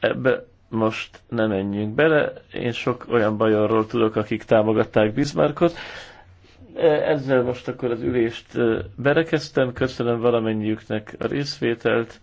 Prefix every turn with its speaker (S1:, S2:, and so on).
S1: Ebbe most nem menjünk bele. Én sok olyan bajorról tudok, akik támogatták Bismarckot. E, ezzel most akkor az ülést e, berekeztem. Köszönöm valamennyiüknek a részvételt